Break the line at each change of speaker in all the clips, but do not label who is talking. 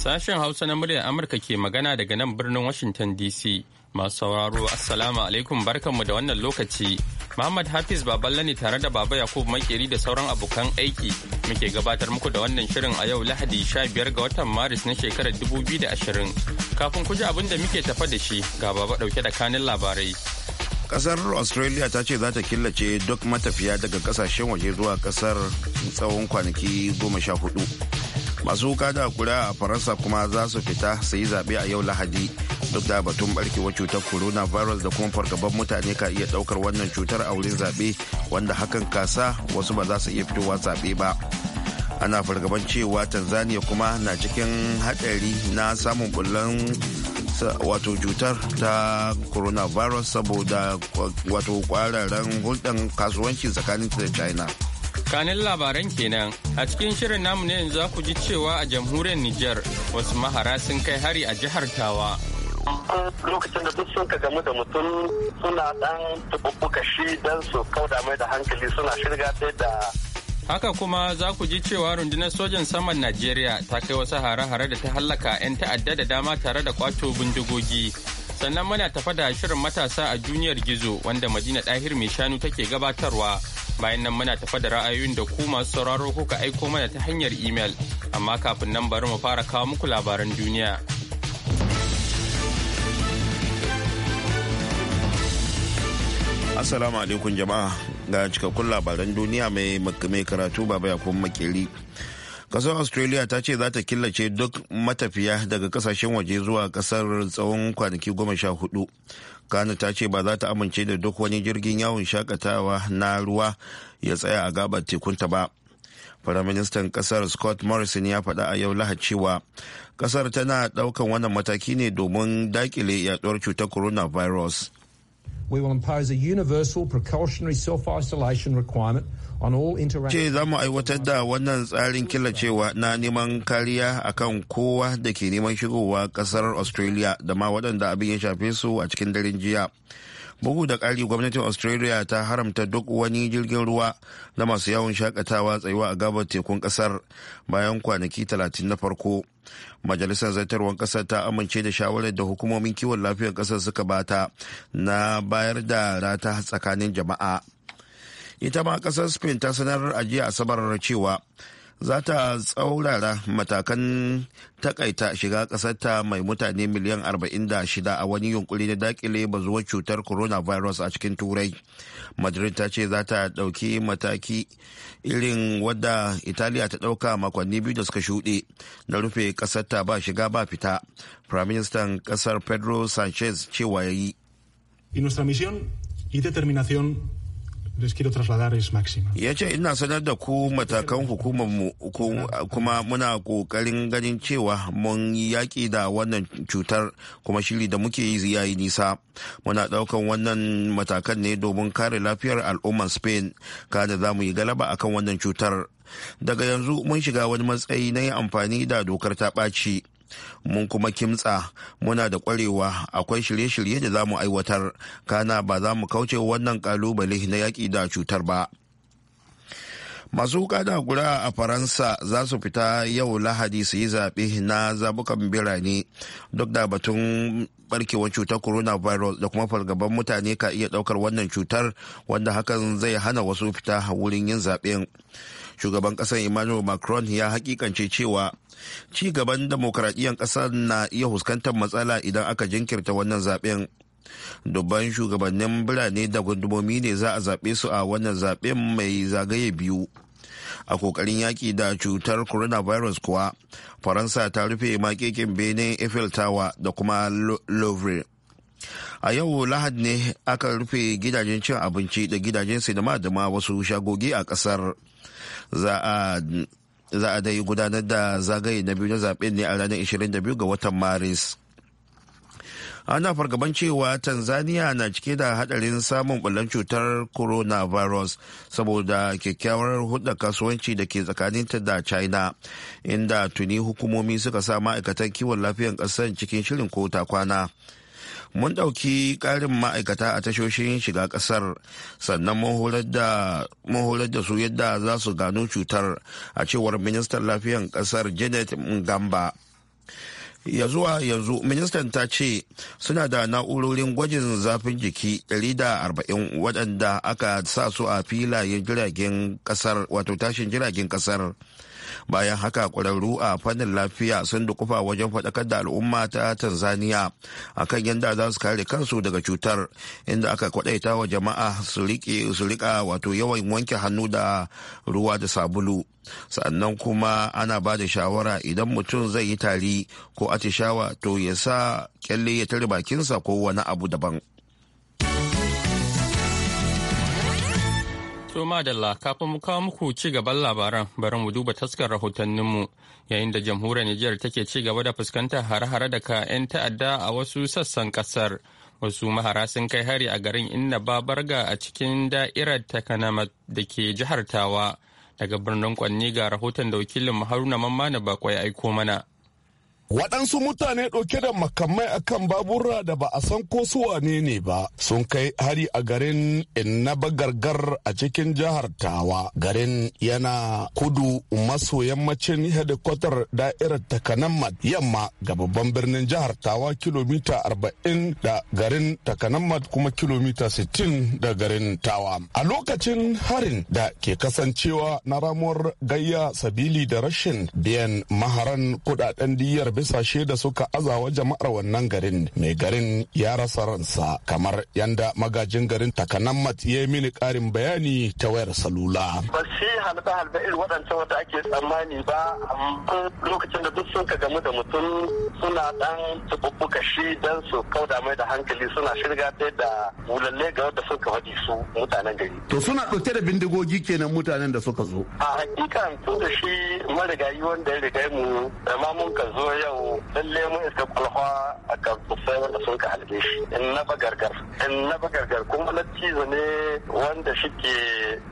Sashen Hausa na muryar Amurka ke magana daga nan birnin Washington DC. Masu sauraro Assalamu alaikum barkanmu da wannan lokaci. Muhammad Hafiz Baballe ne tare da Baba Yakubu Makeri da sauran abokan aiki muke gabatar muku da wannan shirin a yau Lahadi 15 ga watan Maris na shekarar 2020. Kafin ku ji abin da muke tafa da shi ga Baba dauke da kanin labarai.
Kasar Australia ta ce za ta killace duk matafiya daga kasashen waje zuwa kasar tsawon kwanaki goma sha hudu. masu wuka da kura a faransa kuma za su fita su yi zaɓe a yau lahadi duk da batun barkewar cutar coronavirus da kuma fargabar mutane ka iya ɗaukar wannan cutar a wurin zaɓe wanda hakan kasa wasu ba za su iya fitowa zaɓe ba ana fargaban cewa tanzania kuma na cikin haɗari na samun bullan wato cutar ta coronavirus saboda wato kwararren hulɗan kasuwanci tsakanin da china
kanin labaran kenan a cikin shirin namu ne yanzu ku ji cewa a jamhuriyar Nijar wasu mahara sun kai hari a jihar Tawa. lokacin da duk sun ka
gamu da mutum suna dan tububbuka shi don su kauda mai da hankali suna shirga ta da
Haka kuma za ku ji cewa rundunar sojan saman Najeriya ta kai wasu hare-hare da ta hallaka 'yan ta'adda da dama tare da kwato bindigogi. Sannan muna tafa da shirin matasa a duniyar gizo wanda Madina Dahir mai shanu take gabatarwa Bayan nan muna tafa da ra'ayoyin da ku masu sauraro kuka aiko mana ta hanyar imel. Amma kafin nan bari mu fara kawo muku labaran duniya.
Assalamu alaikum jama'a ga cikakkun labaran duniya mai karatu baba ya kuma makeri. kasar australia ta ce za ta killace duk matafiya daga kasashen waje zuwa kasar tsawon kwanaki goma sha hudu kana ta ce ba za ta amince da duk wani jirgin yawon shakatawa na ruwa ya tsaya a gabar tekunta ba firaministan kasar scott morrison ya faɗa a yau lahad cewa kasar tana ɗaukan wannan mataki ne domin dakile yaduwar cutar coronavirus
we will impose a universal precautionary self-isolation requirement
ce
za mu aiwatar da wannan tsarin killacewa na neman kariya akan kowa da ke neman shigowa kasar australia da ma waɗanda abin ya shafe su a cikin daren jiya bugu da ƙari gwamnatin australia ta haramta duk wani jirgin ruwa na masu yawon shakatawa tsayuwa a gabar tekun ƙasar bayan kwanaki 30 na farko majalisar zartarwar ƙasar ta amince da shawarar da hukumomin kiwon lafiyar ƙasar suka bata na bayar da rata tsakanin jama'a ita ma ƙasar spain ta sanar a jiya asabar cewa za ta tsaurara matakan takaita shiga ƙasarta mai mutane miliyan 46 a wani yunkuri na dakile bazuwar cutar coronavirus a cikin turai madrid ta ce za ta ɗauki mataki irin wadda italiya ta ɗauka makonni biyu da suka shuɗe na rufe ƙasarta ba shiga ba fita firaministan ƙasar pedro sanchez cewa ya yi
da trasladar is
Ya ce ina sanar da ku matakan hukumar kuma muna kokarin ganin cewa mun yaƙi da wannan cutar kuma shiri da muke yi yayi nisa. Muna ɗaukan wannan matakan ne domin kare lafiyar al'ummar Spain kada za mu yi galaba akan wannan cutar. Daga yanzu mun shiga wani matsayi na yi amfani da dokar ta ɓaci mun kuma kimtsa muna da kwarewa akwai shirye-shirye da za mu aiwatar kana ba za mu kauce wannan kalubale na yaƙi da cutar ba masu da gura a faransa za su fita yau lahadi su yi zaɓe na zabukan birane duk da batun barkewar cutar coronavirus da kuma fargaban mutane ka iya ɗaukar wannan cutar wanda hakan zai hana wasu fita wurin yin zaɓen shugaban kasar emmanuel macron ya hakikance cewa ci gaban demokaradiyyar kasar na iya fuskantar matsala idan aka jinkirta wannan zaben dubban shugabannin birane da gundumomi ne za a zaɓe su a wannan zaben mai zagaye biyu a kokarin yaki da cutar coronavirus kuwa faransa ta rufe makekin benin eiffel tower da kuma louvre a yau lahad ne aka rufe gidajen cin abinci da gidajen sinima da ma wasu shagogi a kasar za a za a dai gudanar da zagaye na biyu na zaben ne a ranar 22 ga watan maris ana fargaban cewa tanzania na cike da hadarin samun bullon cutar coronavirus saboda kyakkyawar hudda kasuwanci da ke tsakaninta da china inda tuni hukumomi suka sa ma'aikatan kiwon lafiyan kasar cikin shirin ko ta kwana mun ɗauki ƙarin ma'aikata a tashoshin shiga ƙasar sannan mun horar da su yadda za su gano cutar a cewar ministan lafiyan ƙasar janet ngamba ya zuwa yanzu ministan ta ce suna da na'urorin gwajin zafin jiki 140 waɗanda aka sa su a filayen jiragen kasar wato tashin jiragen ƙasar. bayan haka ƙwararru a fannin lafiya sun dukufa wajen faɗakar da al'umma ta tanzania akan yadda za su kare kansu daga cutar inda aka kwaɗaita wa jama'a su riƙa wato yawan wanke hannu da ruwa da sabulu sannan kuma ana ba da shawara idan mutum zai yi tari ko atishawa to ya sa kyalle ya tare bakinsa ko wani abu daban.
To madalla kafin mu kawo muku ci gaban labaran bari mu duba taskar rahotanninmu yayin da jamhuriyar Nijar take ci gaba da fuskantar hare-hare daga 'yan ta'adda a wasu sassan kasar. Wasu mahara sun kai hari a garin Inna Babarga a cikin da'irar Takanama da ke jihar Tawa. Daga birnin Kwanni ga rahoton da wakilin Haruna Mamman na bakwai aiko mana.
waɗansu mutane ɗauke da makamai akan babura da ba a san ko su wane ne ba sun kai hari a garin innaba gargar a cikin jihar tawa garin yana kudu maso yammacin hedikwatar da'irar takanammat yamma ga babban birnin jihar tawa kilomita 40 da garin takanammat kuma kilomita 60 da garin tawa a lokacin harin da ke kasancewa na ramuwar gayya sabili da rashin biyan maharan kudaden diyar bisa da suka azawa jama'ar wannan garin mai garin ya rasa ransa kamar yanda magajin garin takanammat ya yi mini karin bayani ta wayar salula.
ba shi halbe halbe irin waɗancan wata ake tsammani ba lokacin da duk sun ka gamu da mutum suna dan tububbuka shi dan su kauda mai da hankali suna shirga ta da wulalle ga wanda suka faɗi su mutanen gari.
to suna ɗauke da bindigogi kenan mutanen da suka zo.
a hakikan tun da shi marigayi wanda ya riga mu da ma mun ka zo yau yau lalle mun iska kwalfa a kan da sun ka halbe shi in na bagargar in na bagargar kuma na cizo ne
wanda shike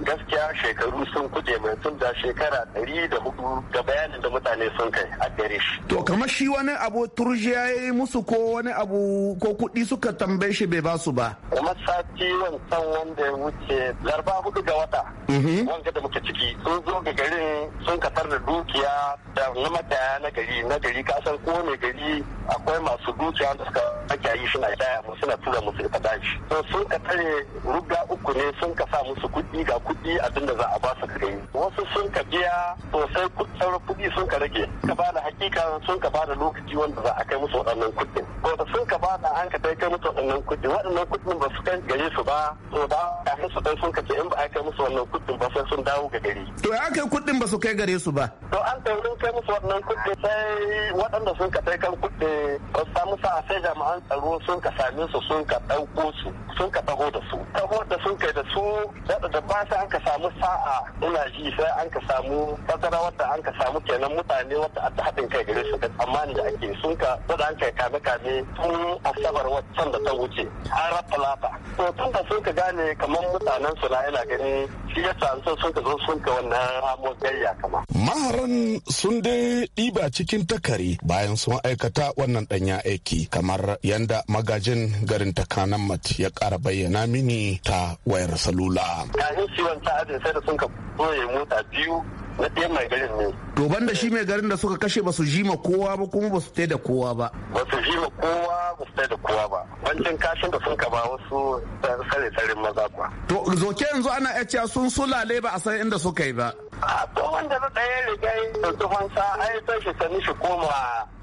gaskiya shekaru sun kuje mai tun da shekara ɗari da hudu da bayanin da mutane sun kai a gare shi. To kamar shi wani abu turji ya yi musu ko wani abu ko kuɗi suka tambaye shi bai basu ba.
Kuma sati wancan wanda ya wuce zarba hudu ga wata. Mhm. Wanga da muke ciki sun zo ga garin sun katar da dukiya da na mataya na gari na gari ka ka san mai gari akwai masu dukiya da suka ake yi suna jaya mu suna tura musu ka daji to sun ka tare ruga uku ne sun ka sa musu kuɗi ga kuɗi abinda za a ba su kai wasu sun ka biya sosai sauran kuɗi sun ka rage ka ba da hakika sun ka ba da lokaci wanda za a kai musu waɗannan kuɗin to da sun ka ba da an ka kai musu waɗannan kuɗi waɗannan kuɗin ba su kai gare su ba to ba kafin su sun ka ce in ba a kai musu wannan kuɗin ba sai sun dawo ga gari to ya kai kuɗin ba su kai gare su ba to an taurin kai musu waɗannan kuɗin sai waɗanda sun ka kan kuɗi ba samu sa'a sai jami'an tsaro sun ka same su sun ka ɗauko su sun ka taho da su taho da sun kai da su waɗanda ba sai an ka samu sa'a ina ji sai an ka samu bazara wadda an ka samu kenan mutane wadda a haɗin kai gare su da tsammani da ake sun ka wadda an kai kame kame tun asabar waccan da ta wuce har rafa to tun da sun ka gane kamar mutanen su na yana gani sun ka zo sun wannan ramon gayya kama.
maharan sun dai ɗiba cikin takari bayan sun aikata wannan ɗanya aiki kamar yadda magajin garin takanan mat ya ƙara bayyana mini ta wayar salula.
kafin ciwon ta'adin sai da sun ka mota biyu na ɗaya mai garin ne.
To banda shi mai garin da suka kashe ba su ji ma kowa ba kuma ba su da kowa ba.
Ba su ji ma kowa ba su da kowa ba. Bancin kashin da sun ka ba wasu tsare-tsaren maza kuwa.
To zoke yanzu ana iya cewa sun sulale ba a san inda suka yi ba.
a tsohon da na ɗaya riga da tsohon sa ai sai shi sani shi koma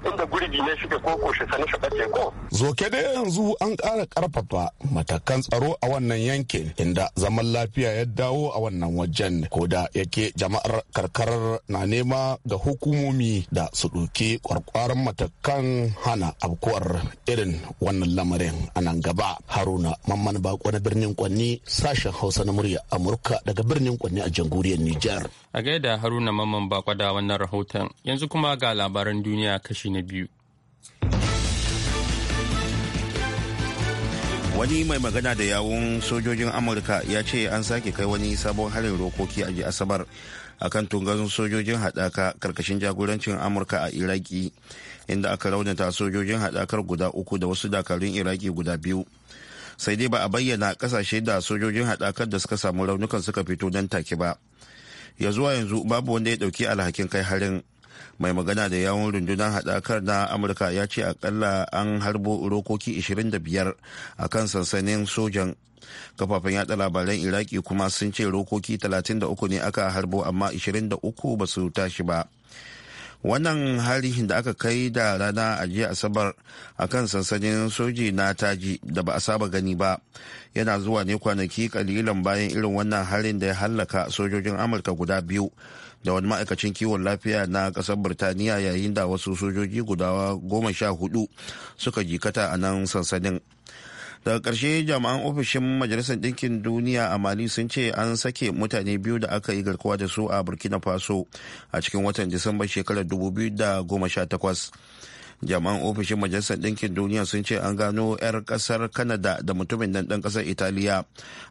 inda gurbi ne shi ko
ko shi sani shi ko. Zoke da yanzu an ƙara ƙarfafa matakan tsaro a wannan yankin inda zaman lafiya ya dawo a wannan wajen ko da yake jama'ar karkarar na nema ga hukumomi da su ɗauki ƙwarƙwaran matakan hana abkuwar irin wannan lamarin a nan gaba. Haruna Mamman Bako na birnin Kwanni sashen Hausa na murya Amurka daga birnin Kwanni a jamhuriyar
Nijar. A gaida Haruna Mamman Bakwa da wannan rahoton yanzu kuma ga labaran duniya kashi na biyu. Wani
mai magana da yawun sojojin Amurka ya ce an sake kai wani sabon harin rokoki a Asabar a kan tungazin sojojin haɗaka karkashin jagorancin Amurka a Iraki inda aka raunata sojojin haɗakar guda uku da wasu dakarun Iraki guda biyu. Sai dai ba a bayyana kasashe da sojojin haɗakar da suka samu raunukan suka fito don take ba. ya zuwa yanzu babu wanda ya dauki alhakin kai harin mai magana da yawon rundunar haɗakar na amurka ya ce akalla an harbo rokoki 25 a kan sansanin sojan kafafen yada labaran iraki kuma sun ce rokoki 33 ne aka harbo amma 23 ba su tashi ba wannan hari da aka kai da rana a jiya asabar a kan sansanin soji na taji da ba a saba gani ba yana zuwa ne kwanaki kalilan bayan irin wannan harin da ya hallaka sojojin amurka guda biyu da wani ma'aikacin kiwon lafiya na kasar burtaniya yayin da wasu sojoji guda goma sha hudu suka jikata a nan sansanin daga karshe jami'an ofishin majalisar ɗinkin duniya a mali sun ce an sake mutane biyu da aka yi garkuwa da su a burkina faso a cikin watan disamba shekarar 2018 jami'an ofishin majalisar ɗinkin duniya sun ce an gano 'yar ƙasar kanada da mutumin nan ɗan ƙasar italiya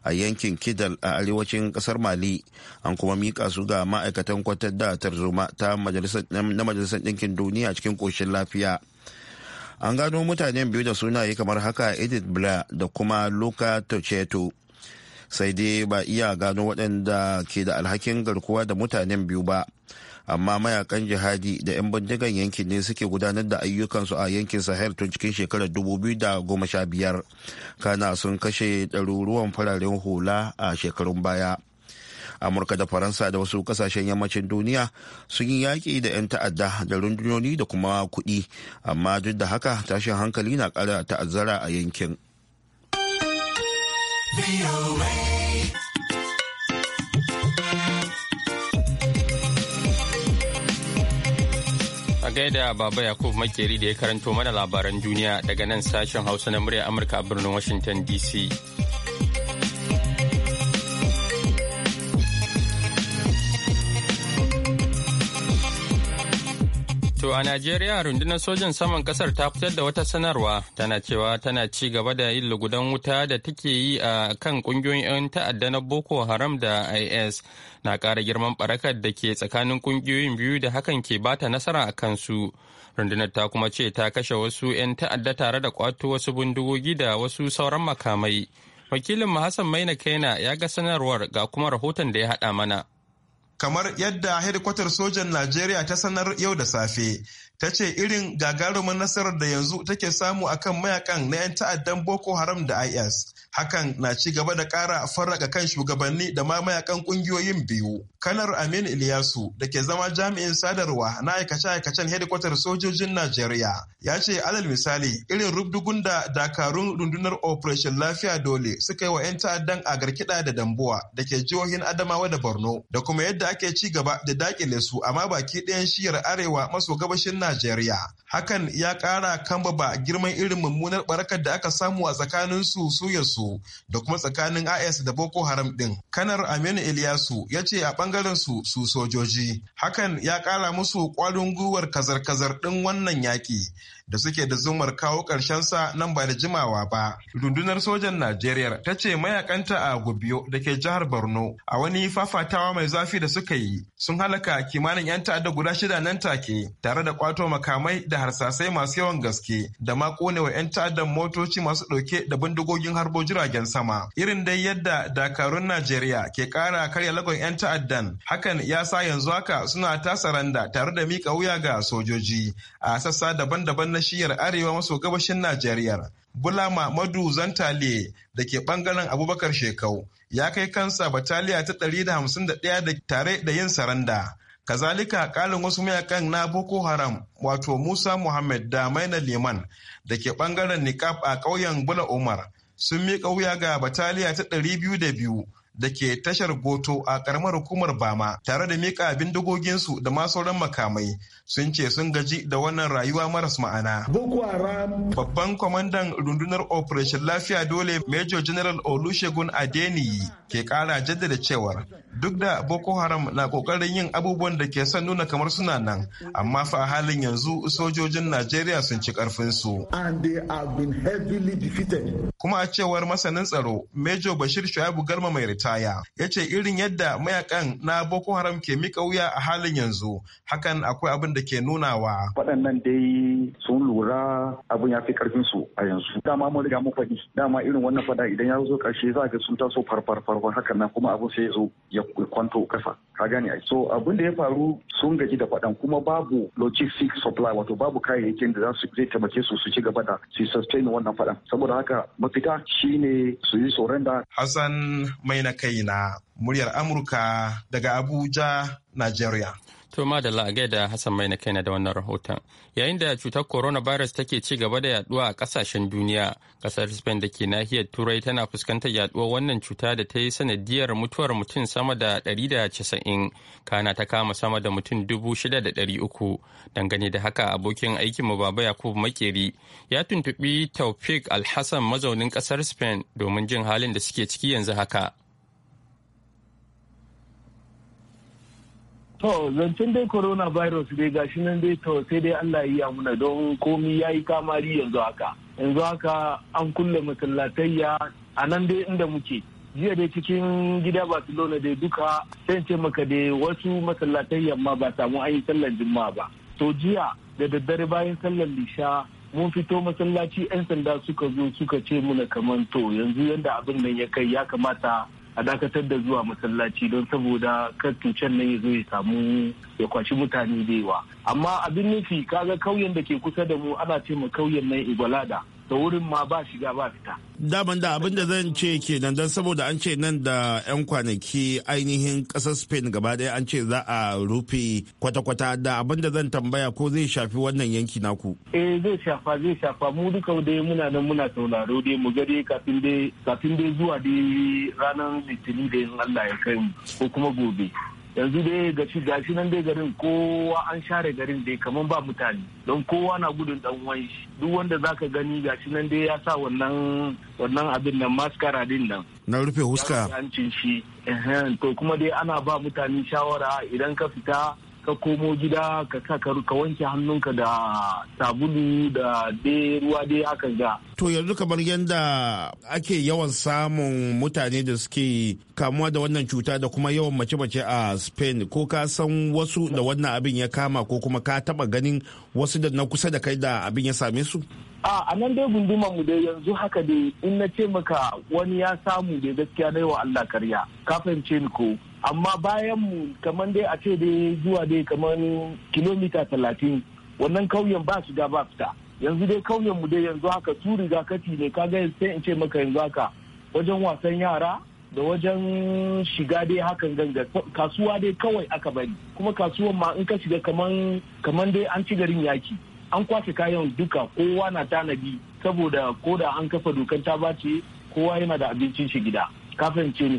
a yankin kidal a arewacin ƙasar mali an kuma mika su ga ma'aikatan kwatar da tarzoma ta na majalisar ɗinkin duniya cikin koshin lafiya an gano mutane biyu da sunaye kamar haka edith blair da kuma luka toceto sai dai ba iya gano waɗanda ke da alhakin garkuwa da mutanen biyu ba amma mayakan jihadi da 'yan bindigan yankin ne suke gudanar da ayyukansu a yankin sahel tun cikin shekarar 2015 kana sun kashe ɗaruruwan fararen hula a shekarun baya amurka da faransa da wasu kasashen yammacin duniya sun yi yaƙi da 'yan ta'adda da rundunoni da kuma kuɗi amma duk da haka tashin hankali na ƙara ta'azzara a yankin
a gaida baba yakub makeri da ya karanto mana labaran duniya daga nan sashen hausa na murya amurka a birnin washington dc To a Najeriya rundunar sojan saman kasar ta fitar da wata sanarwa tana cewa tana ci gaba da yin lugudan wuta da take yi a kan kungiyoyin 'yan ta'adda na Boko Haram da IS na ƙara girman barakar da ke tsakanin kungiyoyin biyu da hakan ke bata nasara a kansu. Rundunar ta kuma ce ta kashe wasu 'yan ta'adda tare da kwato wasu bindigogi da wasu sauran makamai. Wakilin Hassan Maina Kaina ya ga sanarwar ga kuma rahoton da ya haɗa mana.
kamar yadda hedikwatar sojan Najeriya ta sanar yau da safe. Ta ce irin gagarumin nasarar da yanzu take samu akan mayakan na 'yan ta'addan Boko Haram da IS hakan na ci gaba da ƙara farraka kan shugabanni da ma mayakan ƙungiyoyin biyu kanar aminu iliyasu da ke zama jami'in sadarwa na aikace-aikacen hedikwatar sojojin najeriya ya ce alal misali irin rubdugun da dakarun rundunar operation lafiya dole suka yi wa 'yan ta'addan agarkiɗa da dambuwa da ke jihohin adamawa da borno da kuma yadda ake ci gaba da dakile su amma baki ɗayan shiyar arewa maso gabashin najeriya hakan ya ƙara kambaba girman irin mummunar barakar da aka samu a tsakaninsu su su da kuma tsakanin IS da Boko Haram din. Kanar Aminu iliyasu ya ce a ɓangaren su su sojoji. Hakan ya ƙara musu ƙwarin gwiwar kazar-kazar ɗin wannan yaƙi. da suke da zumar kawo sa nan ba da jimawa ba. Rundunar sojan Najeriya ta ce mayakanta a Gubiyo da ke jihar Borno a wani fafatawa mai zafi da suka yi sun halaka kimanin 'yan ta'adda guda shida nan take tare da kwato makamai da harsasai masu yawan gaske da ma konewa 'yan ta'addan motoci masu ɗauke da bindigogin harbo jiragen sama. Irin dai yadda dakarun Najeriya ke ƙara karya lagon 'yan ta'addan hakan ya sa yanzu haka suna tasaranda tare da miƙa wuya ga sojoji a sassa daban-daban na shiyar arewa maso gabashin Najeriya. Bula Mamadu Zantale da ke bangaren Abubakar Shekau ya kai kansa bataliya ta 151 da tare da yin saranda. Kazalika kalin wasu mayakan na Boko Haram wato Musa Muhammad da Maina Liman da ke bangaren Nikab a ƙauyen Bula Umar sun miƙa wuya ga bataliya ta 202 da ke tashar goto a karamar hukumar bama tare da mika bindigoginsu da ma sauran makamai sun ce sun gaji da wannan rayuwa maras ma'ana. Babban kwamandan rundunar Operation Lafiya Dole Major General Olusegun Adeniyi ke kara jaddada cewar duk da boko haram na kokarin yin abubuwan da ke son nuna kamar suna nan amma fa a halin yanzu sojojin najeriya sun ci karfinsu kuma a cewar masanin tsaro mejo bashir Shu'aibu garma mai ritaya ya ce irin yadda mayakan na boko haram ke mika wuya a halin yanzu hakan akwai abin da ke nunawa waɗannan dai
sun lura abin ya fi karfinsu a yanzu dama mun riga mun faɗi dama irin wannan fada idan ya zo ƙarshe za ga sun taso farfar farkon hakan nan kuma abun sai ya zo ya kwanto kasa ka gane ai so abun da ya faru sun gaji da faɗan kuma babu logistic supply wato babu kayayyakin
da za su zai taimake su su ci gaba da su sustain wannan faɗan saboda haka mafita shine su yi sorenda Hassan mai na kai na muryar Amurka daga Abuja Nigeria
To da a gaida Hassan mai na kai na da wannan rahoton. Yayin da cutar coronavirus take ci gaba da yaduwa a kasashen duniya, kasar Spain da ke nahiyar Turai tana fuskantar yaduwar wannan cuta da ta yi sanadiyar mutuwar mutum sama da 190, kana ta kama sama da mutum 6,300. Dangane da haka abokin aikinmu Baba Yakub Makeri ya tuntubi Taufik Alhassan mazaunin kasar Spain domin jin halin da suke ciki yanzu haka.
To zancen dai coronavirus dai gashi nan dai to sai dai Allah ya yi amuna don komi ya yi kamari yanzu haka. Yanzu haka an kulle masallatayya a nan dai inda muke. Jiya dai cikin gida Barcelona dai duka sai ce maka dai wasu masallatai yamma ba samu an yi sallar juma'a ba. To jiya da daddare bayan sallan lisha mun fito masallaci 'yan sanda suka zo suka ce muna na to yanzu yadda abin nan ya kai ya kamata a dakatar da zuwa masallaci don saboda kar cutar nan ya zo ya samu ya kwashi mutane da yawa amma abin nufi kaga kauyen da ke kusa da mu ana ce ma kauyen nan igwalada da wurin ma ba shiga ba fita.
Daman da abin da zan ce kenan don saboda an ce nan da 'yan kwanaki ainihin ƙasar Spain gaba ɗaya an ce za a rufe kwata-kwata da abin da zan tambaya ko zai shafi wannan yanki naku.
Eh zai shafa zai shafa mu duka dai muna nan muna sauraro dai mu gari kafin dai kafin dai zuwa dai ranar litinin da Allah ya kai ko kuma gobe. yanzu dai shi gashi nan dai garin kowa an share garin dai kamar ba mutane don kowa na gudun dan uwan shi duk wanda zaka gani gashi nan dai ya sa wannan wannan abin nan maskara din nan
na rufe huska
hancin shi to kuma dai ana ba mutane shawara idan ka fita ka komo gida ka sa ka wanke hannunka da sabulu da dai ruwa dai haka ga.
To yanzu kamar yadda ake yawan samun mutane da suke kamuwa da wannan cuta da kuma yawan mace-mace a Spain ko ka san wasu da wannan abin ya kama ko kuma ka taba ganin wasu da na kusa da kai da abin ya same su?
a nan dai gunduman mu dai yanzu haka dai in na ce maka wani ya samu da gaskiya na wa Allah karya ka fahimce ni ko amma bayan mu kamar dai a ce dai zuwa dai kamar kilomita talatin wannan kauyen ba shiga ba fita yanzu dai kauyen mu dai yanzu haka su rigakafi ne ka kaga sai in ce maka yanzu haka wajen wasan yara da wajen shiga dai hakan ganga kasuwa dai kawai aka bari kuma kasuwan ma in ka shiga kaman dai an ci garin yaki an kwashe kayan duka kowa na tanadi saboda ko da an kafa dokan ta bace kowa yana da abincin shi gida kafin fahimce ni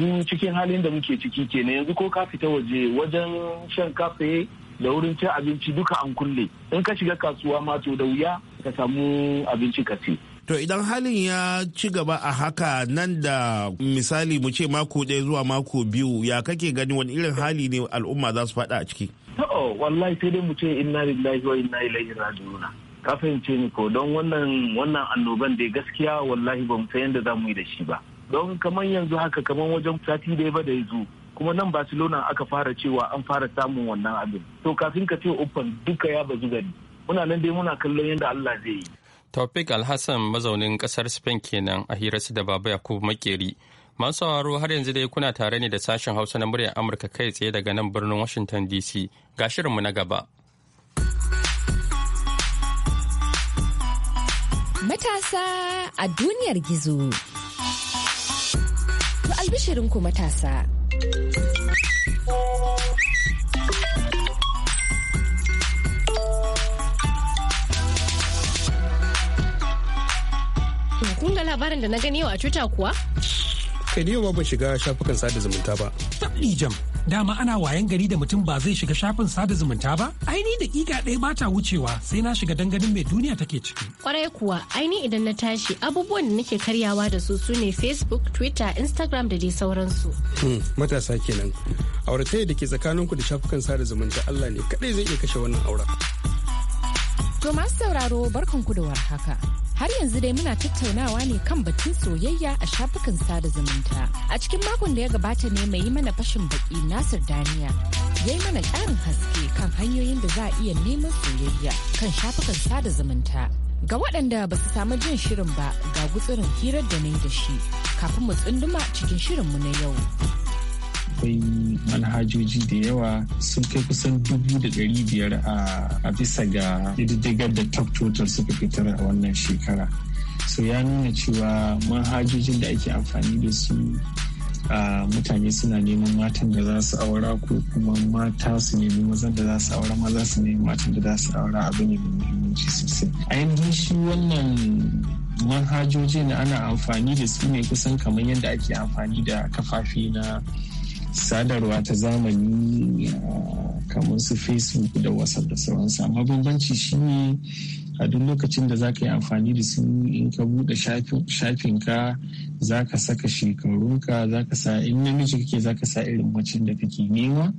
yanzu cikin halin da muke ciki kenan yanzu ko ka fita waje wajen shan kafe da wurin cin abinci duka an kulle in ka shiga kasuwa ma to da wuya ka samu abinci ka ci
To idan halin ya ci gaba a haka nan da misali mu ce mako ɗaya zuwa mako biyu ya kake gani wani irin hali ne al'umma za su faɗa a ciki?
to wallahi sai dai mu ce inna lillahi wa inna ilaihi raji'un ka fahimce ni ko don wannan wannan annoban dai gaskiya wallahi ba mu san yadda za mu yi da shi ba don kamar yanzu haka kamar wajen sati da ba da yanzu kuma nan barcelona aka fara cewa an fara samun wannan abin to kafin ka ce uffan duka ya bazu gari muna nan dai muna kallon yadda allah zai yi
Topic Alhassan mazaunin kasar Spain kenan a su da Baba Yakubu Makeri. Masu sauraro har yanzu dai kuna tare ne da sashen Hausa na muryar Amurka kai tsaye daga nan birnin Washington DC. Ga shirinmu na gaba.
Matasa a duniyar gizo. To albishirinku matasa. kun ga labarin da na gani yau a cuta kuwa?
kai ma ban shiga shafukan sada zumunta ba.
Tabni jam, dama ana wayan gari da mutum ba zai shiga shafin sada zumunta ba? Aini daƙiƙa ɗaya ba ta wucewa sai na shiga danganin mai duniya take ciki.
Kwarai kuwa, aini idan na tashi abubuwan da nake karyawa da su su ne Facebook, Twitter, Instagram da dai sauransu.
Hmm, matasa kenan. Auratayya da ke tsakaninku da shafukan sada zumunta Allah ne kaɗai zai iya kashe wannan auren.
To masu sauraro ku da warhaka. Har yanzu dai muna tattaunawa ne kan batun soyayya a shafukan sada zumunta. A cikin makon da ya gabata ne mai yi mana fashin baki Nasir Daniya. Ya yi mana ƙarin haske kan hanyoyin da za a iya neman soyayya kan shafukan sada zumunta. Ga waɗanda ba su samu jin shirin ba ga gutsurin hirar da na yi da shi kafin mu tsunduma cikin shirinmu na yau.
akwai manhajoji da yawa sun kai kusan dubu da ɗari biyar a bisa ga diddigar da top total suka fitar a wannan shekara so ya nuna cewa manhajojin da ake amfani da su mutane suna neman matan da za su aura ko kuma mata su nemi mazan da za su aura maza su nemi matan da za su aura abu ne mai muhimmanci sosai a yanzu shi wannan manhajoji ana amfani da su ne kusan kamar yadda ake amfani da kafafi na sadarwa ta zamani ah, kamar su facebook da whatsapp da sauransu amma bambanci shine a duk lokacin da za ka yi amfani da su in ka bude shafin ka za ka saka shekarunka za ka sa in namiji kake za ka sa irin macin da kake nema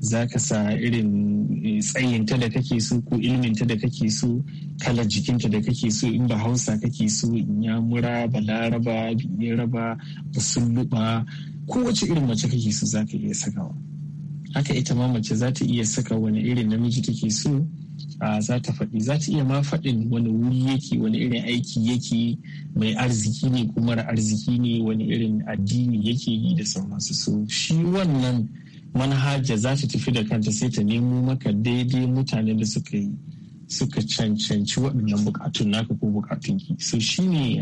za ka sa irin eh, tsayinta da kake so ko ilminta da kake so kalar jikinta da kake so in ba hausa kake so in ya mura balaraba biyaraba basulluba kowace irin mace kake so za ka iya sakawa haka ita ma mace za ta iya saka wani irin namiji take so za ta faɗi za ta iya ma faɗin wani wuri yake wani irin aiki yake mai arziki ne ko mara arziki ne wani irin addini yake yi da sauransu so shi wannan manhaja za ta tafi da kanta sai ta nemo maka daidai mutanen da suka yi suka cancanci waɗannan bukatun naka ko bukatun ki so shine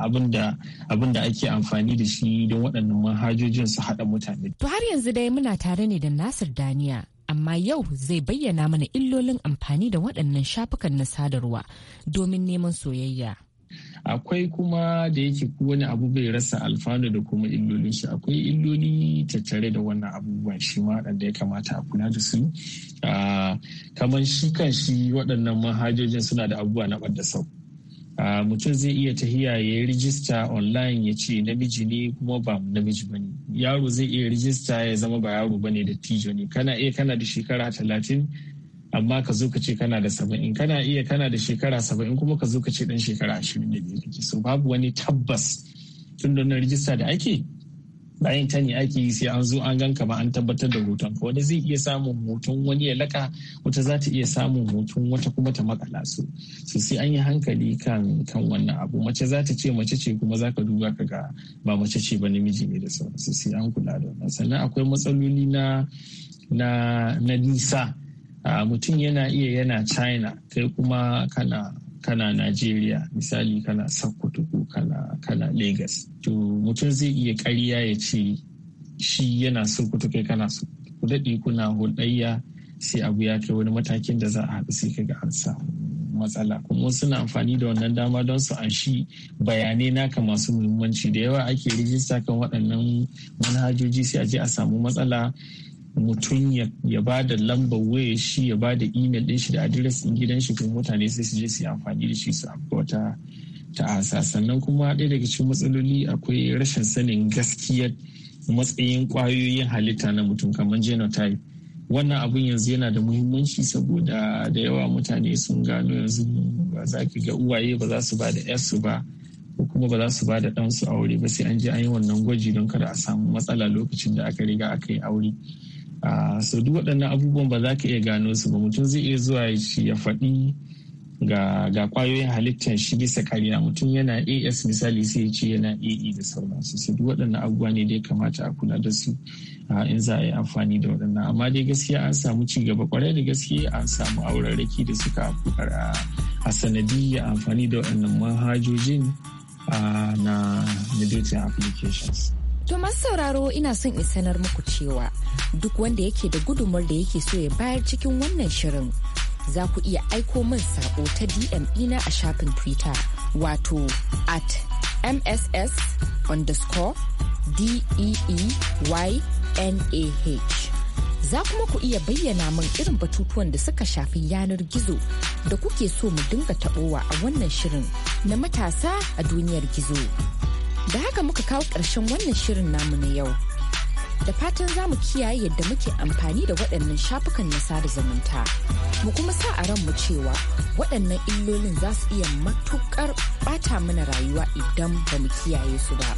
abin da ake amfani da shi don waɗannan manhajojin su haɗa mutane
to har yanzu dai muna tare ne da Nasir Daniya amma yau zai bayyana mana illolin amfani da waɗannan shafukan na sadarwa domin neman soyayya
akwai kuma da yake wani abu bai rasa alfanu da kuma illolin shi akwai illoli tattare da wannan abubuwan shi ma da ya kamata a kula da su ah, kamar shi kan shi waɗannan manhajojin suna da abubuwa na ɓadda sau ah, mutum zai iya tahiya ya yi rijista online ya ce namiji ne kuma ba namiji ba ne yaro zai iya rijista ya zama ba yaro ba ne da tijo ne kana iya eh, kana da shekara talatin amma ka zo ka ce kana da saba'in kana iya kana da shekara saba'in kuma ka zo ka ce dan shekara ashirin da biyu kake so babu wani tabbas tun da rijista da ake bayan ta ne ake yi sai an zo an ganka ba an tabbatar da hoton ka wani zai iya samun hoton wani ya laka wata za ta iya samun hoton wata kuma ta makala su so sai an yi hankali kan kan wannan abu mace za ta ce mace ce kuma za ka duba ka ga ba mace ce ba namiji ne da sauransu sai an kula da wannan sannan akwai matsaloli na na nisa mutum yana iya yana china kai kuma kana kana Najeriya misali kana Sokoto ko kana kana Lagos to mutum zai iya ƙarya ya ce shi yana Sokoto kai kana Sokoto ku kuna hulɗayya sai abu ya kai wani matakin da za a haɗu sai kaga an samu matsala kuma wasu na amfani da wannan dama don su anshi bayanai naka masu muhimmanci da yawa ake rijista kan waɗannan manhajoji sai a je a samu matsala mutum ya ba da lambar waya shi ya ba da email din shi da adres in gidan shi kuma mutane sai su je su yi amfani da shi su wata ta'asa sannan kuma ɗaya daga cikin matsaloli akwai rashin sanin gaskiyar matsayin kwayoyin halitta na mutum kamar genotype wannan abun yanzu yana da muhimmanci saboda da yawa mutane sun gano yanzu ba za ki ga uwaye ba za su ba da yarsu ba ko kuma ba za su ba da ɗansu aure ba sai an je an yi wannan gwaji don kada a samu matsala lokacin da aka riga aka yi aure. so duk waɗannan abubuwan ba za ka iya gano su ba mutum zai iya zuwa ya faɗi ga ga kwayoyin halittar shi bisa kariya mutum yana as misali sai ya ce yana ae da sauransu su duk waɗannan abubuwa ne da ya kamata a kula da su in za a yi amfani da waɗannan amma dai gaskiya an samu ci gaba kwarai da gaskiya an samu aurarraki da suka a sanadiyya amfani da waɗannan manhajojin na mediating applications.
To masu sauraro ina son in sanar muku cewa duk wanda yake da gudumar da yake so ya bayar cikin wannan shirin za ku iya aiko min sako ta DM ina a shafin Twitter wato at mss underscore DEEYNAH. Za kuma ku iya bayyana min irin batutuwan da suka shafi yanar gizo da kuke so mu dinga taɓowa a wannan shirin na matasa a duniyar gizo. Da haka muka kawo ƙarshen wannan shirin namu na yau. Da fatan za mu kiyaye yadda muke amfani da waɗannan shafukan na sada zumunta. Mu kuma sa a mu cewa waɗannan illolin za su iya matuƙar ɓata mana rayuwa idan ba mu kiyaye su ba.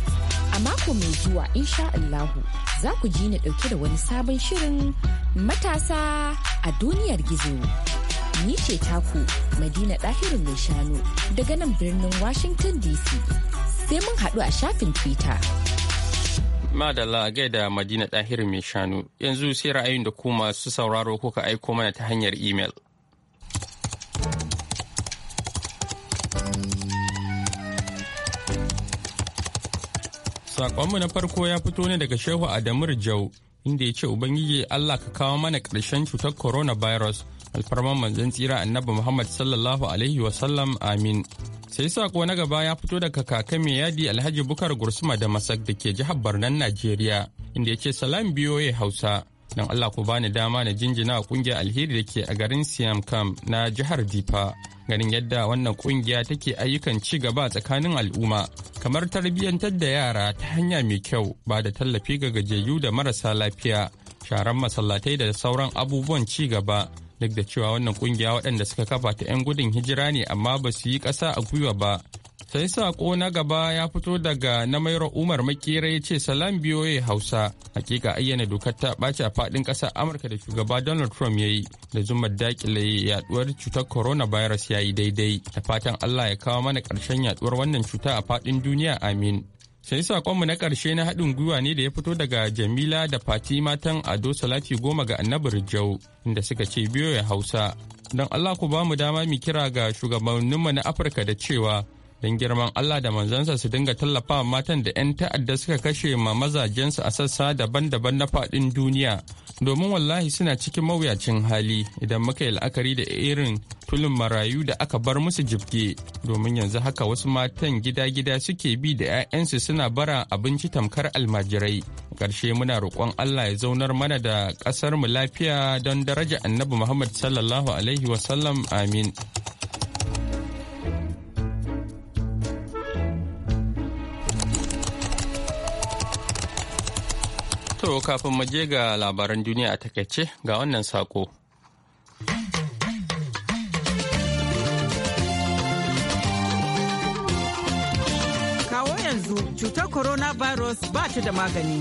A mako mai zuwa insha Allahu za ku ji ni ɗauke da wani sabon shirin matasa a duniyar gizo. Ni ce taku Madina Ɗahirin Mai Shanu daga nan birnin Washington DC. sai mun haɗu a shafin Twitter.
Madalla gaida Madina Ɗahir mai shanu yanzu sai ra'ayin da ku masu sauraro kuka aiko mana ta hanyar imel. Sakonmu na farko ya fito ne daga Shehu Adamur Jau inda ya ce Ubangiji Allah ka kawo mana ƙarshen cutar coronavirus alfarman manzon tsira annabi Muhammad sallallahu alaihi wasallam amin. sai sako na gaba ya fito daga kaka mai yadi alhaji bukar gursuma da masak da ke jihar barnan najeriya inda ya ce salam biyo ya hausa don allah ku bani dama na jinjina a kungiyar alheri da ke a garin siam kam na jihar difa ganin yadda wannan kungiya take ayyukan ci gaba tsakanin al'umma kamar tarbiyyantar da yara ta hanya mai kyau ba da tallafi ga gajiyayyu da marasa lafiya sharan masallatai da sauran abubuwan ci gaba duk da cewa wannan kungiya waɗanda suka kafa ta 'yan gudun hijira ne amma ba su yi ƙasa a gwiwa ba sai sako na gaba ya fito daga na mairo umar makera ya ce salam biyoye hausa hakika ayyana dokar ta ɓaci a faɗin ƙasar amurka da shugaba donald trump ya yi da zumar dakile yaduwar cutar coronavirus ya yi daidai da fatan allah ya kawo mana ƙarshen yaduwar wannan cuta a faɗin duniya amin sai sakonmu na karshe na haɗin gwiwa ne da ya fito daga jamila da fati matan ado salati goma ga annabar jau inda suka ce biyo ya hausa don allah ku ba mu dama mu kira ga shugabanninmu na afirka da cewa don girman Allah da manzansa su dinga tallafawa matan da 'yan ta'adda suka kashe ma mazajensu a sassa daban-daban na fadin duniya domin wallahi suna cikin mawuyacin hali idan muka yi la'akari da irin tulin marayu da aka bar musu jibge domin yanzu haka wasu matan gida-gida suke bi da 'ya'yansu suna bara abinci tamkar almajirai karshe muna roƙon Allah ya zaunar mana da ƙasarmu lafiya don daraja annabi Muhammad sallallahu alaihi wasallam amin. To kafin mu je ga labaran duniya a takaice ga wannan sako.
Kawo yanzu
cutar coronavirus ba ta da magani.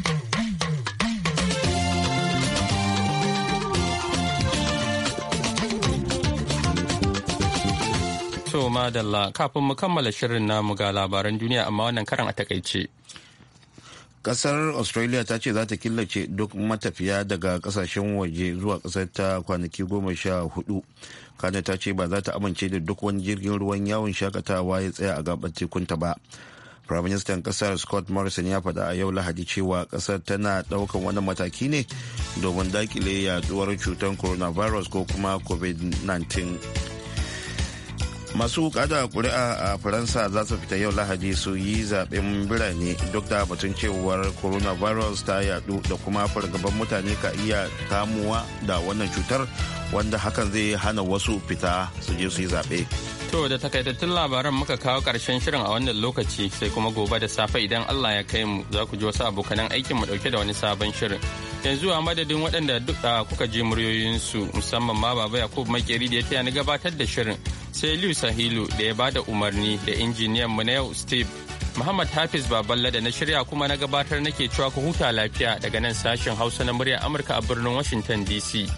To madalla kafin mu kammala shirin namu ga labaran duniya amma wannan karan a takaice.
Kasar Australia ta ce za ta killace duk matafiya daga kasashen waje zuwa kasar ta kwanaki goma sha hudu. Kana ta ce ba za ta amince da duk wani jirgin ruwan yawon shakatawa ya tsaya a gabar tekunta ba. Firaministan kasar Scott Morrison ya faɗa a yau Lahadi cewa kasar tana ɗaukan wani mataki ne domin dakile yaduwar cutar coronavirus ko kuma COVID-19. masu kada kuri'a a faransa za su fita yau lahadi su yi zaɓen birane duk da batun cewar coronavirus ta yadu da kuma fargaban mutane ka iya kamuwa da wannan cutar wanda hakan zai hana wasu fita su je su yi zaɓe.
to da takaitattun labaran muka kawo ƙarshen shirin a wannan lokaci sai kuma gobe da safe idan allah ya kai mu za ku ji wasu abokanan aikin mu dauke da wani sabon shirin yanzu a madadin waɗanda duk da kuka je muryoyinsu musamman ma baba yakubu makeri da ya taya ni gabatar da shirin sai Sahilu da ya bada umarni da injiniyan mu na yau Steve. Muhammad Hafiz Baballa da na shirya kuma na gabatar nake cewa ku huta lafiya daga nan sashen Hausa na muryar Amurka a birnin Washington DC.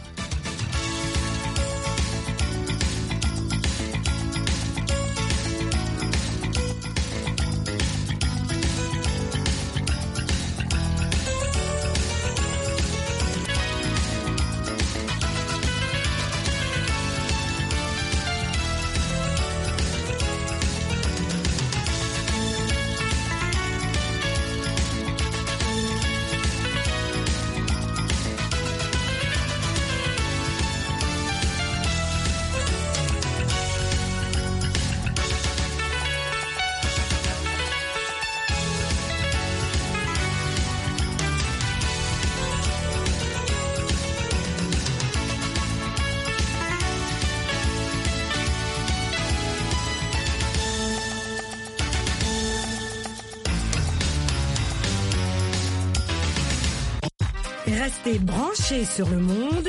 Restez branchés sur le monde.